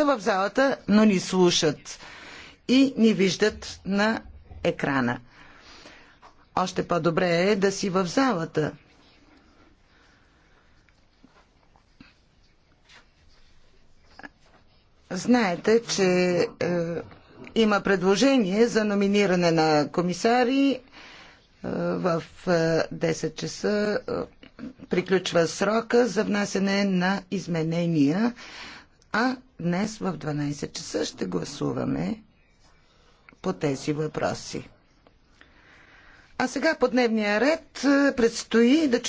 са в залата, но ни слушат и ни виждат на екрана. Още по-добре е да си в залата. Знаете, че е, има предложение за номиниране на комисари е, в е, 10 часа. Е, приключва срока за внасене на изменения а днес в 12 часа ще гласуваме по тези въпроси. А сега по дневния ред предстои да